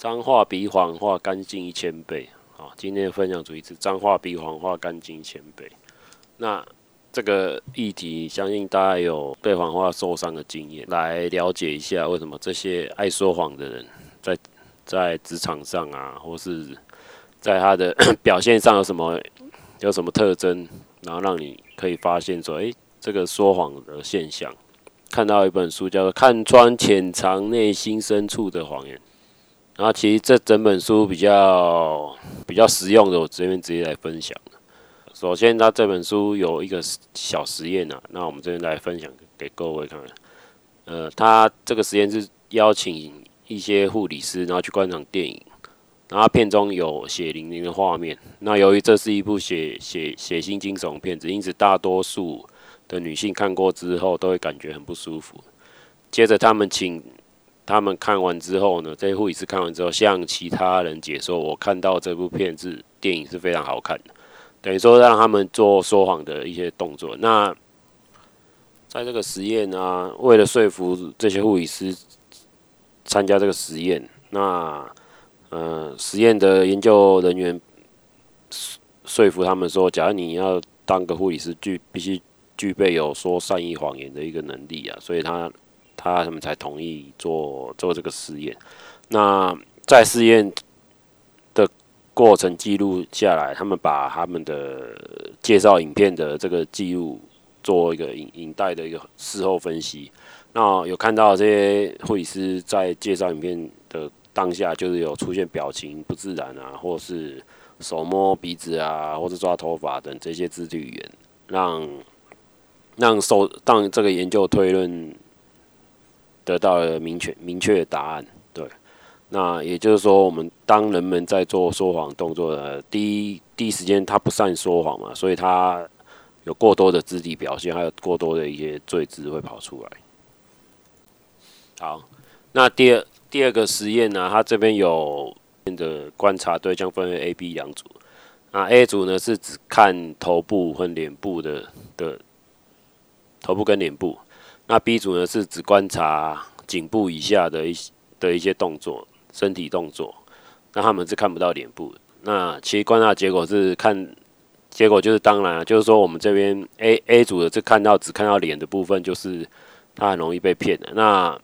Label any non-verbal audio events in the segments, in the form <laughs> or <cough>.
髒話比謊話乾淨一千倍。好，今天的分享主題是髒話比謊話乾淨一千倍。那這個議題，相信大家有被謊話受傷的經驗，來了解一下為什麼這些愛說謊的人在，在在職場上啊，或是在他的 <coughs> 表現上有什麼有什麼特徵，然後讓你可以發現說，哎、欸，這個說謊的現象。看到一本書叫做《看穿潛藏內心深處的謊言》。那其實這整本書比較比較實用的，我這邊直接來分享。首先，他這本書有一個小實驗吶、啊，那我們這邊來分享給各位看看。呃，他這個實驗是邀請一些護理師，然後去觀賞電影，然後片中有血淋淋的畫面。那由於這是一部血血血腥驚悚片子，因此大多數的女性看過之後都會感覺很不舒服。接着，他們請他們看完之後呢，這些護理師看完之後，向其他人解說，我看到這部片子電影是非常好看的。等於說，讓他們做說謊的一些動作。那在這個實驗呢、啊，為了說服這些護理師參加這個實驗，那嗯、呃，實驗的研究人員說服他們說，假如你要當個護理師，具必須具備有說善意謊言的一個能力啊，所以他。他他們才同意做做這個實驗。那在試驗的過程記錄下來，他們把他們的介紹影片的這個記錄做一個影影帶的一個事後分析。那有看到這些護理師在介紹影片的當下，就是有出現表情不自然啊，或是手摸鼻子啊，或者抓頭髮等這些肢體語言，讓讓手當這個研究推論。得到了明確明確的答案，對，那也就是說，我們當人們在做說謊動作的第一第一時間，他不善說謊嘛，所以他有過多的肢體表現，還有過多的一些贅字會跑出來。好，那第二第二個實驗呢，他這邊有變的觀察對象分為 A、B 兩組，那 A 組呢是只看頭部和臉部的的頭部跟臉部。那 B 組呢是只觀察頸部以下的一些的一些動作，身體動作，那他們是看不到臉部的。那其實觀察結果是看結果就是當然了，就是說我們這邊 A A 組的這看到只看到臉的部分，就是他很容易被騙的。那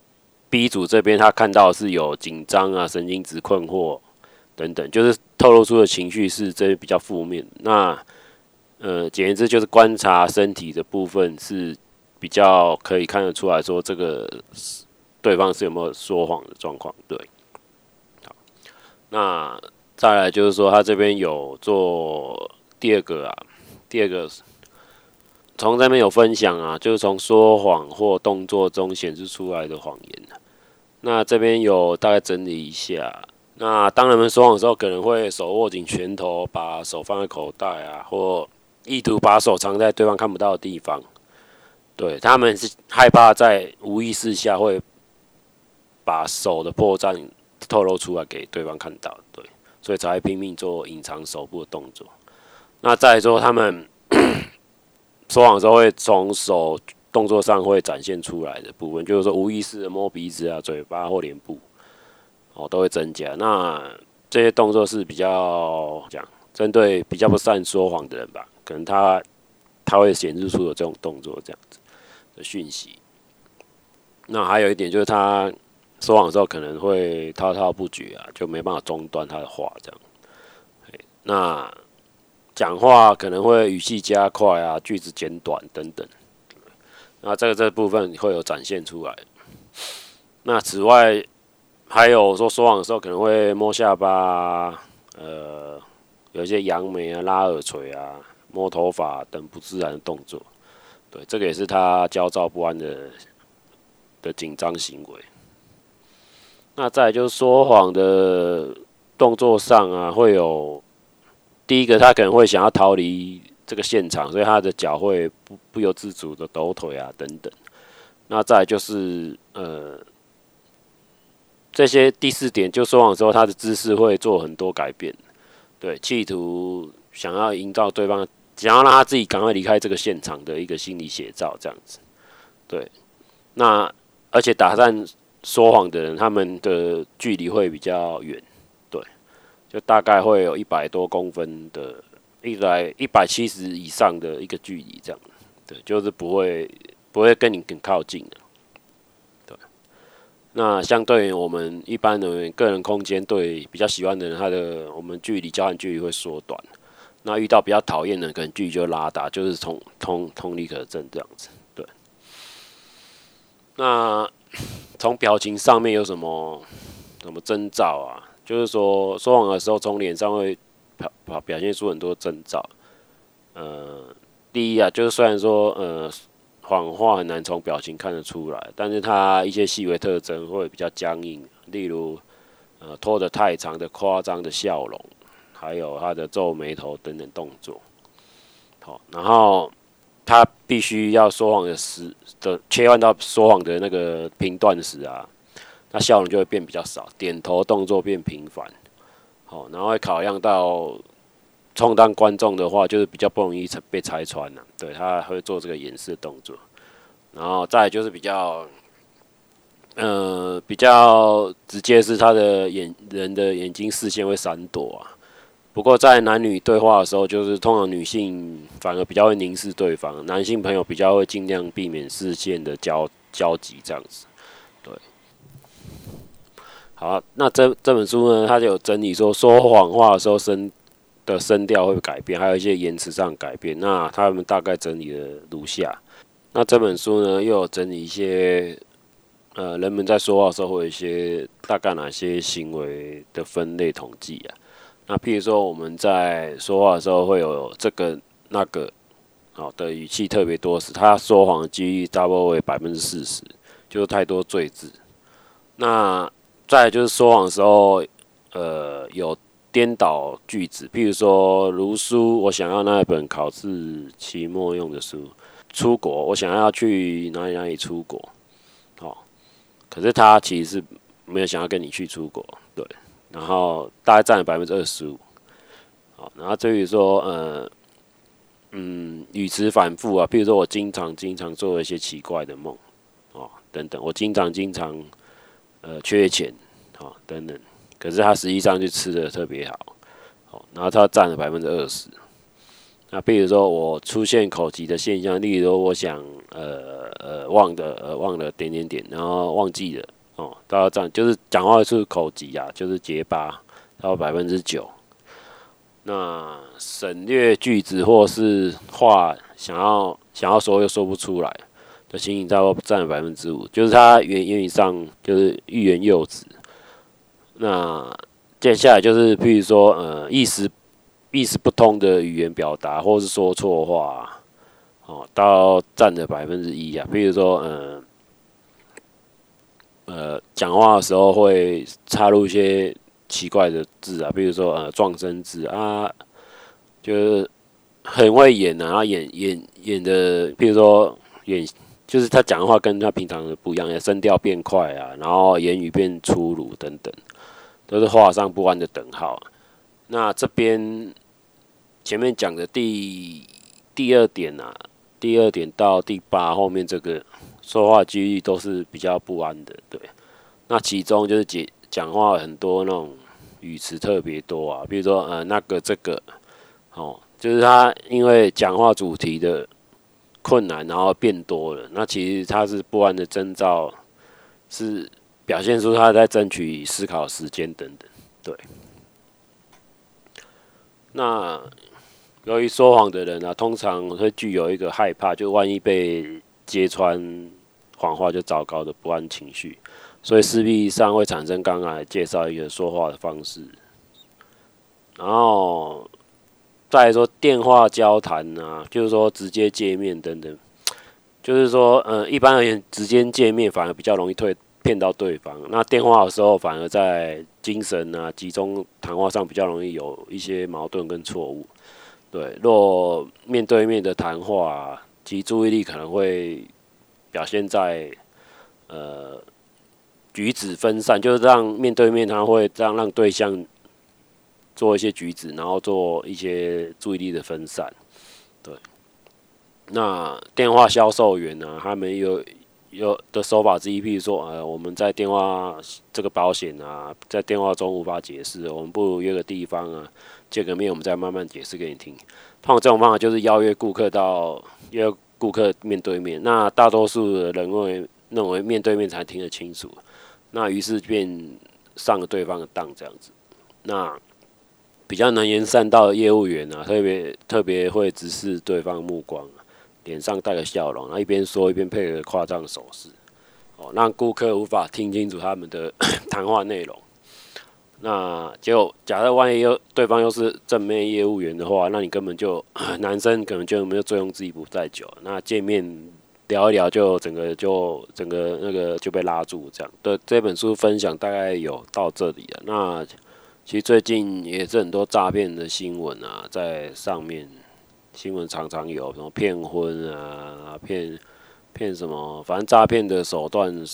B 組這邊他看到是有緊張啊、神經質、困惑等等，就是透露出的情緒是這些比較負面。那呃，簡言之就是觀察身體的部分是。比較可以看得出來說，這個對方是有沒有說謊的狀況？對，好，那再來就是說，他這邊有做第二個啊，第二個從這邊有分享啊，就是從說謊或動作中顯示出來的謊言啊。那這邊有大概整理一下，那當人們說謊的時候，可能會手握緊拳頭，把手放在口袋啊，或意圖把手藏在對方看不到的地方。對，他們是害怕在無意識下會把手的破綻透露出來給對方看到，對，所以才會拼命做隱藏手部的動作。那再說他們 <coughs> 說謊的時候會從手動作上會展現出來的部分，就是說無意識的摸鼻子啊、嘴巴或臉部，哦，都會增加。那這些動作是比較講針對比較不善說謊的人吧，可能他他會顯示出有這種動作這樣子。訊息。那還有一點就是，他說謊的時候可能會滔滔不絕啊，就沒辦法中斷他的話這樣。那講話可能會語氣加快啊，句子簡短等等。那這個這部分會有展現出來。那此外，還有說說謊的時候可能會摸下巴、啊，呃，有一些揚眉啊、拉耳垂啊、摸頭髮、啊、等不自然的動作。對，這個也是他焦躁不安的的緊張行為。那再來就是說謊的動作上啊，會有第一個，他可能會想要逃離這個現場，所以他的腳會不不由自主的抖腿啊等等。那再來就是呃，這些第四點，就說謊的時候，他的姿勢會做很多改變，對，企圖想要營造對方的，只要讓他自己趕快離開這個現場的一個心理寫照，這樣子，對。那而且打算說謊的人，他們的距離會比較遠，對。就大概會有一百多公分的，一百一百七十以上的一個距離，這樣對。就是不會不會跟你很靠近的，對。那相對於我們一般的人，個人空間，對，比較喜歡的人，他的我們距離交換距離會縮短，那遇到比較討厭的人，可能距離就拉大，就是從同同理可證，這樣子，對。那從表情上面有什麼什麼徵兆啊？就是說說謊的時候，從臉上會表表表現出很多徵兆。呃，第一啊，就是雖然說呃謊話很難從表情看得出來，但是他一些細微特徵會比較僵硬，例如呃拖得太長的誇張的笑容。還有他的皺眉頭等等動作，好，然後他必須要說謊的時的切換到說謊的那個頻段時啊，那笑容就會變比較少，點頭動作變頻繁，好，然後會考量到充當觀眾的話，就是比較不容易被拆穿了，啊，對他會做這個掩飾動作，然後再就是比較，呃，比較直接是他的眼人的眼睛視線會閃躲啊。不過，在男女對話的時候，就是通常女性反而比較會凝視對方，男性朋友比較會儘量避免視線的交交集這樣子。對，好啊，那這這本書呢，它就有整理說說謊話的時候聲的聲調會改變，還有一些言辭上改變。那他們大概整理了如下。那這本書呢，又有整理一些，呃，人們在說話的時候會有一些大概哪些行為的分類統計啊。那譬如說我們在說話的時候會有這個那個好的語氣特別多時，是他說謊的幾率大概為百分之四十，就是太多贅字。那再來就是說謊的時候，呃，有顛倒句子，譬如說，如書，我想要那本考試期末用的書。出國，我想要去哪裡哪裡出國？好，可是他其實是沒有想要跟你去出國，對。然後大概占了百分之二十五，然後至於說，呃，嗯，語詞反復啊，比如說我經常經常做一些奇怪的夢，哦，等等，我經常經常，呃，缺錢，哦，等等，可是他實際上就吃得特別好，哦，然後他占了百分之二十，那、啊、比如說我出現口疾的現象，例如說我想，呃呃，忘了，呃忘了點點點，然後忘記了。哦，到站、嗯、就是講話的出口吃啊，就是結巴，到百分之九。那省略句子或是話想要想要說又說不出來的情形，大概占百分之五，就是他原原上就是欲言又止。那接下來就是譬如說，呃，意思意識不通的語言表達，或是說錯話、啊，哦、嗯，到占了百分之一呀。譬如說，嗯、呃。講話的時候會插入一些奇怪的字啊，比如說呃狀聲字啊，就是很會演啊，他演演演的，比如說演就是他講的話跟他平常的不一樣，聲調變快啊，然後言語變粗魯等等，都是畫上不安的等號。那這邊前面講的第第二點啊，第二點到第八後面這個說話機率都是比較不安的，對。那其中就是解講話很多那種語詞特別多啊，比如說呃那個這個，哦，就是他因為講話主題的困難，然後變多了。那其實他是不安的徵兆，是表現出他在爭取思考時間等等。對。那由於說謊的人啊，通常會具有一個害怕，就萬一被揭穿謊話就糟糕的不安情緒。所以勢必上會產生剛剛介紹一個說話的方式，然後再來說電話交談啊，就是說直接見面等等，就是說呃、嗯，一般而言，直接見面反而比較容易退騙到對方。那電話的時候反而在精神啊、集中談話上比較容易有一些矛盾跟錯誤。對，若面對面的談話，其注意力可能會表現在呃。舉止分散，就是讓面對面，他會這樣讓對象做一些舉止，然後做一些注意力的分散。對，那電話銷售員呢、啊，他們有有的手法之一，譬如說，呃、哎，我們在電話這個保險啊，在電話中無法解釋，我們不如約個地方啊，見個面，我們再慢慢解釋給你聽。通常，這種方法就是邀約顧客到約顧客面對面。那大多數的人會認，認為面對面才聽得清楚。那於是便上了對方的當，這樣子。那比較能言善道的業務員呢、啊，特別特別會直視對方的目光，臉上帶着笑容，那一邊說一邊配合誇張的手勢，哦，讓顧客無法聽清楚他們的談 <laughs> 話內容。那就假設萬一又對方又是正面業務員的話，那你根本就男生可能就有沒有作用，自己不在酒，那見面，聊一聊，就整個就整個那個就被拉住，這樣，對，這本書分享大概有到這裡了。那其實最近也是很多詐騙的新聞啊，在上面。新聞常常有什麼騙婚啊、騙騙什麼，反正詐騙的手段，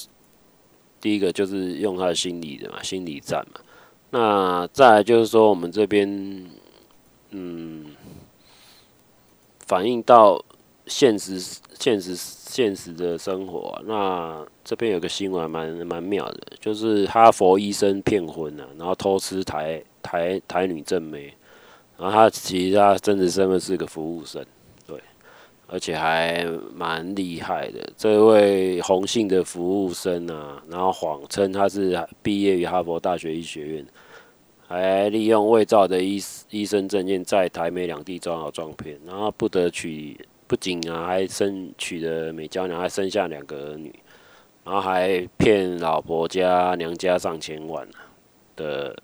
第一個就是用他的心理的嘛，心理戰嘛。那再來就是說我們這邊，嗯，反映到。現實、現實、現實的生活、啊。那這邊有個新聞，蠻蠻妙的，就是哈佛醫生騙婚呢、啊，然後偷吃台台台女正妹，然後他其實他真實身份是個服務生，對，而且還蠻厲害的。這位洪姓的服務生啊，然後謊稱他是畢業於哈佛大學醫學院，還利用偽造的醫醫生證件，在台美兩地招搖撞騙，然後不得取，不僅啊，還生娶了美嬌娘，還生下兩個兒女，然後還騙老婆家娘家上千萬的，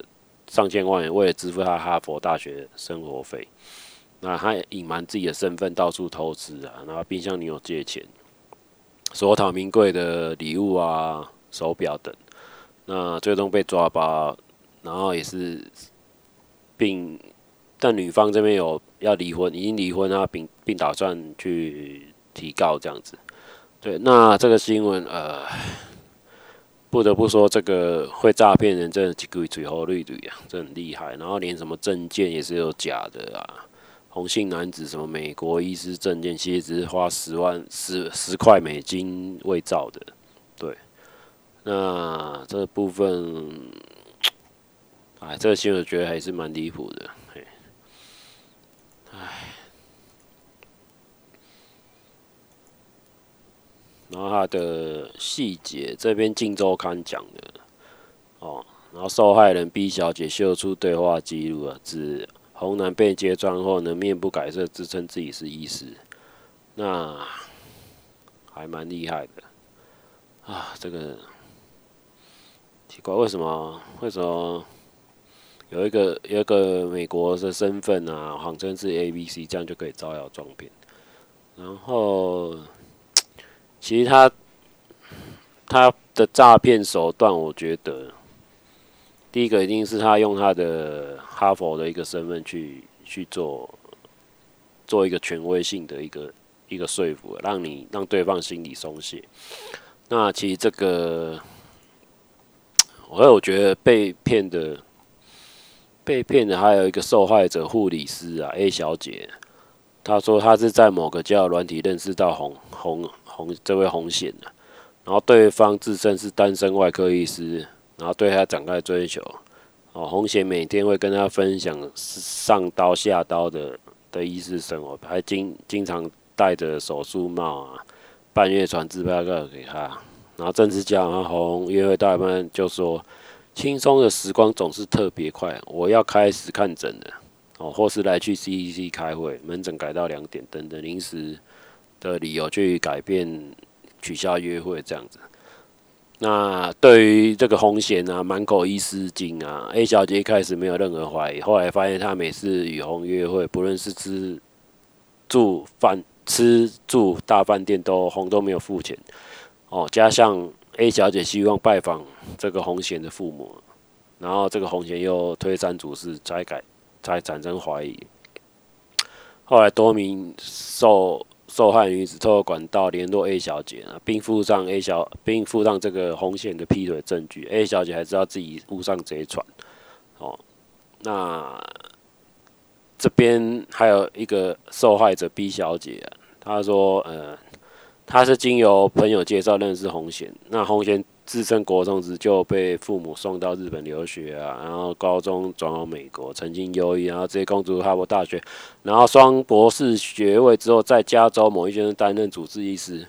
上千萬，為了支付他哈佛大學生活費。那他隱瞞自己的身份，到處投資啊，然後並向女友借錢，索討名貴的禮物啊、手錶等。那最終被抓包，然後也是並但女方這邊有。要離婚，已經離婚啊，並並打算去提告這樣子。對，那這個新聞呃，不得不說，這個會詐騙人真的幾鬼嘴花綠嘴啊，真的很厲害。然後連什麼證件也是有假的啊，洪姓男子什麼美國醫師證件，其實只是花十萬十十塊美金偽造的。對，那這個部分，哎，這個新聞我覺得還是蠻離譜的。然後他的細節這邊《鏡周刊》講的哦，然後受害人 B 小姐秀出對話記錄啊，指洪男被揭穿後呢，面不改色，自稱自己是醫師，那還蠻厲害的啊！這個奇怪，為什麼？為什麼有一個有一個美國的身份啊，謊稱是 A、B、C，這樣就可以招搖撞騙？然後。其實他他的詐騙手段，我覺得第一個一定是他用他的哈佛的一個身份去去做做一個權威性的一個一個說服，讓你讓對方心理鬆懈。那其實這個我我覺得被騙的被騙的還有一個受害者護理師啊，A 小姐，她說她是在某個交友軟體認識到紅紅。紅這位紅賢呢、啊，然後對方自稱是單身外科醫師，然後對他展開追求。哦，紅賢每天會跟他分享上刀下刀的的醫師生活，還經經常戴着手術帽啊，半夜傳自拍照給他。然後正式講啊，紅約會大部分就說，輕鬆的時光總是特別快，我要開始看診了。哦，或是來去 C E C 開會，門診改到兩點等等臨時。的理由去改變取消約會這樣子，那對於這個洪嫌啊，滿口一絲金啊，A 小姐一開始沒有任何懷疑，後來發現她每次與洪約會，不論是吃住飯吃住大飯店都，都洪都沒有付錢哦，加上 A 小姐希望拜訪這個洪嫌的父母，然後這個洪嫌又推三阻四，才改才產生懷疑，後來多名受。受害女子透過管道聯絡 A 小姐啊，並附上 A 小，並附上這個紅線的劈腿證據。A 小姐還知道自己誤上賊船，哦，那這邊還有一個受害者 B 小姐啊，她說，呃，她是經由朋友介紹認識紅賢，那紅賢。自稱國中時就被父母送到日本留學啊，然後高中轉到美國，曾經優異，然後直接攻讀哈佛大學，然後雙博士學位之後在加州某一間擔任主治醫師，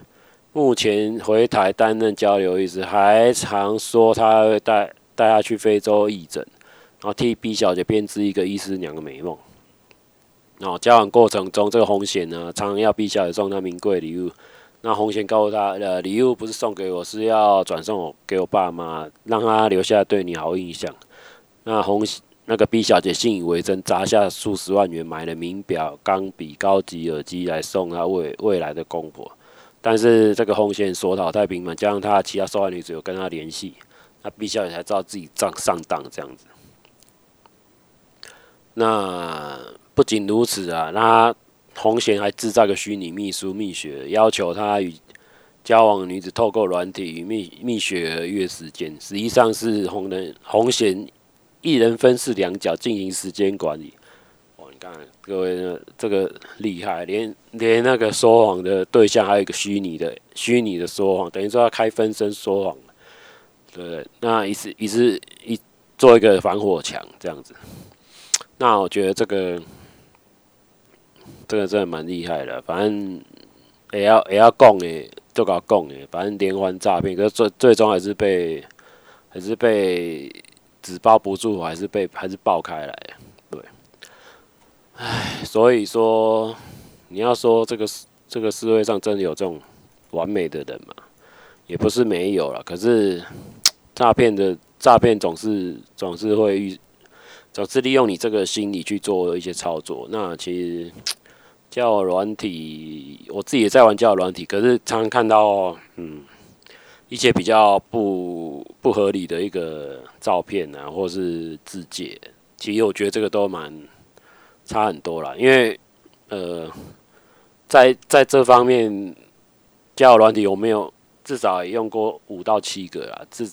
目前回台擔任交流醫師，還常說他會帶帶他去非洲義診，然後替 B 小姐編織一個醫師娘的美夢，然、哦、後交往過程中這個紅線呢、啊，常，常要 B 小姐送他名貴禮物。那紅線告訴他：“呃，禮物不是送給我是，是要轉送給我爸媽，讓他留下對你好印象。那”那紅那個 B 小姐信以為真，砸下數十萬元買了名錶、鋼筆、高級耳機來送她未未來的公婆。但是這個紅線索討太平門，加上他其他受害女子有跟他聯繫，那 B 小姐才知道自己上上當這樣子。那不僅如此啊，那。洪賢還製造個虛擬秘書蜜雪兒，要求他與交往女子透過軟體與蜜蜜雪兒約時間，實際上是洪仁洪賢一人分飾兩角進行時間管理。哦，你看各位，這個厲害，連連那個說謊的對象，還有一個虛擬的虛擬的說謊，等於說要開分身說謊，對，那一次一次一做一個防火牆這樣子。那我覺得這個。這個真的蠻厲害的，反正，也要也要講的，都搞講的。反正連環詐騙，可是最最終還是被，還是被紙包不住，還是被還是爆開來，對。唉，所以說你要說這個這個社會上真的有這種完美的人嘛，也不是沒有啦，可是詐騙的詐騙總是總是會遇，總是利用你這個心理去做一些操作，那其實。交友軟體，我自己也在玩交友軟體，可是常常看到，嗯，一些比較不不合理的一個照片啊，或是字跡。其實我覺得這個都蠻差很多啦，因為呃，在在這方面，交友軟體我沒有至少也用過五到七個啊。這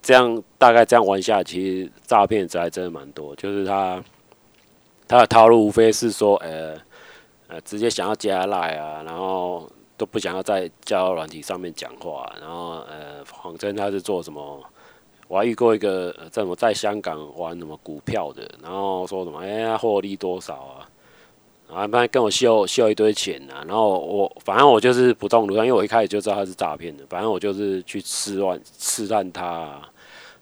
這樣大概這樣玩下，其實詐騙者還真的蠻多，就是他他的套路無非是說，呃。呃、直接想要加賴、like、啊，然後都不想要在交友軟體上面講話，然後呃，謊稱他是做什麼。我還遇過一個在什麼在香港玩什麼股票的，然後說什麼哎，獲利多少啊，然後他跟我秀秀一堆錢啊，然後我反正我就是不動如山，因為我一開始就知道他是詐騙的。反正我就是去試亂試探他，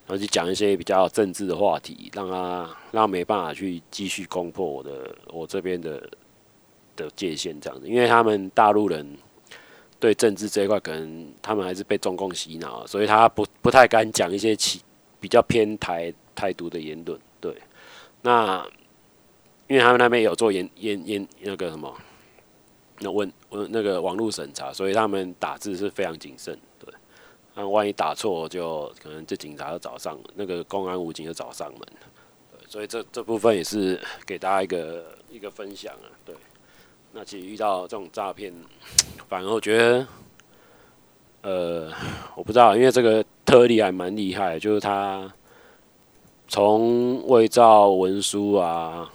然後去講一些比較政治的話題，讓他讓他沒辦法去繼續攻破我的我這邊的的界限，這樣子，因為他們大陸人對政治這一塊，可能他們還是被中共洗腦，所以他不不太敢講一些其比較偏台台獨的言論。對，那因為他們那邊有做嚴嚴嚴那個什麼，那問問那個網絡審查，所以他們打字是非常謹慎。對，那萬一打錯，就可能這警察就找上，那個公安武警就找上門。對，所以這這部分也是給大家一個一個分享啊。對。那其實遇到這種詐騙，反而我覺得，呃，我不知道，因為這個特例還蠻厲害，就是他從偽造文書啊、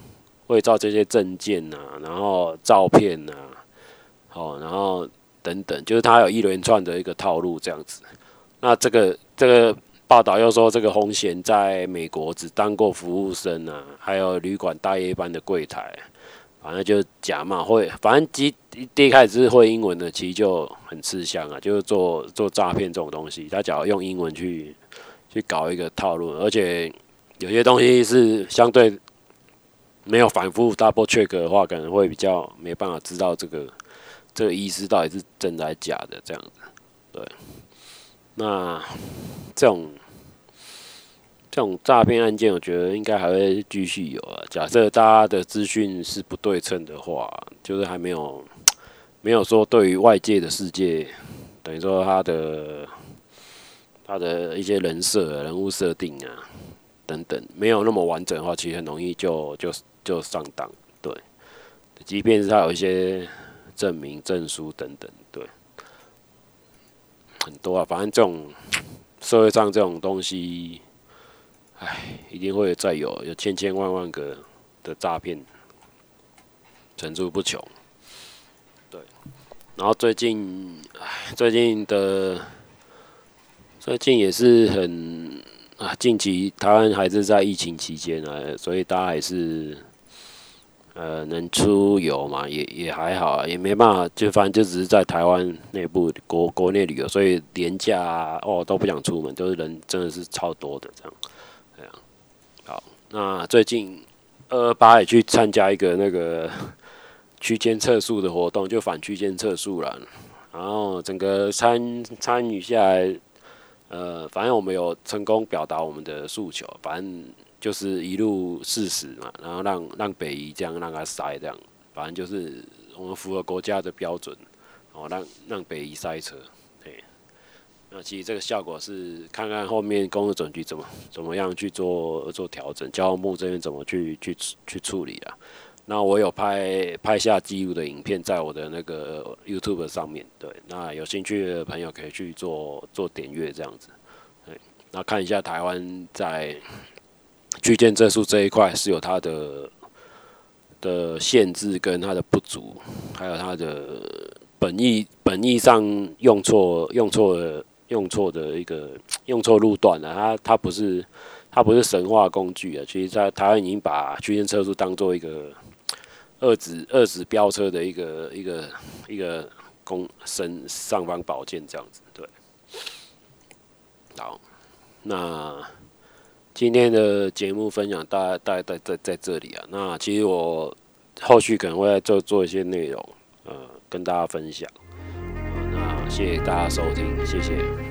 偽造這些證件啊，然後照片啊，哦，然後等等，就是他有一連串的一個套路這樣子。那這個這個報道又說，這個洪賢在美國只當過服務生啊，還有旅館大夜班的櫃台。反正就是假嘛，會反正基第一開始是會英文的，其實就很吃香啊，就是做做詐騙這種東西，他假如用英文去去搞一個套路，而且有些東西是相對沒有反覆 double check 的話，可能會比較沒辦法知道這個這個意思到底是真的還是假的這樣子，對，那這種。這種詐騙案件，我覺得應該還會繼續有啊。假設大家的資訊是不對稱的話，就是還沒有沒有說對於外界的世界，等於說他的他的一些人設、人物設定啊等等，沒有那麼完整的話，其實很容易就就就上當。對，即便是他有一些證明、證書等等，對，很多啊。反正這種社會上這種東西。唉，一定會再有，有千千萬萬個的詐騙層出不窮。對，然後最近，唉，最近的最近也是很啊，近期台灣還是在疫情期間啊，所以大家還是呃能出遊嘛，也也還好、啊，也沒辦法，就反正就只是在台灣內部國國內旅遊，所以連假哦、啊、都不想出門，就是人真的是超多的這樣。那、啊、最近二二八也去參加一個那個區間測速的活動，就反區間測速了。然後整個參參與下來，呃，反正我們有成功表達我們的訴求，反正就是一路四十嘛，然後讓讓北宜這樣讓它塞，這樣反正就是我們符合國家的標準，哦，讓讓北宜塞車。那其實這個效果是看看後面公路總局怎麼怎麼樣去做做調整，交通部這邊怎麼去去去處理啊？那我有拍拍下記錄的影片，在我的那個 YouTube 上面，對，那有興趣的朋友可以去做做點閱這樣子。那看一下台灣在區間測速這一塊是有它的的限制跟它的不足，還有它的本意本意上用錯用錯了。用錯的一個用錯路段了，啊，它，它不是，它不是神話工具啊，其實在台灣已經把區間測速當做一個遏制，遏制飆車的一個一個一個工，神尚方寶劍這樣子，對。好，那今天的節目分享大概，大家大家在在在這裡啊，那其實我後續可能會做做一些內容，呃，跟大家分享。謝謝大家收聽，謝謝。